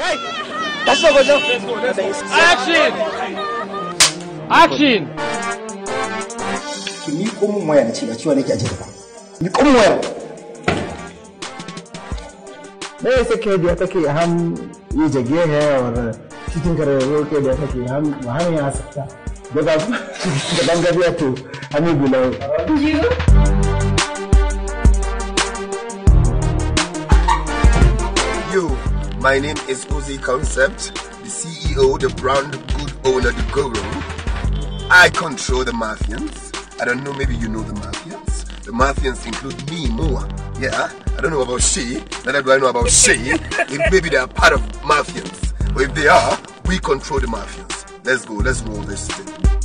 Kai! Let's go, let's go. Action! Action! Ki ni ko mun na chila chua neki ajeta. a ce ba. Ni ko mun waya. Me yasa ke da take ham yi jage ne war cikin karewar ke da take ham har ya sakta. Jaga, jaga gabiya to hami gulau. You? My name is Uzi Concept, the CEO, the brand good owner, the guru. I control the Mafians. I don't know, maybe you know the Mafians. The Mafians include me more. Yeah, I don't know about she, neither do I know about she. if maybe they are part of Mafians. But if they are, we control the Mafians. Let's go, let's roll this thing.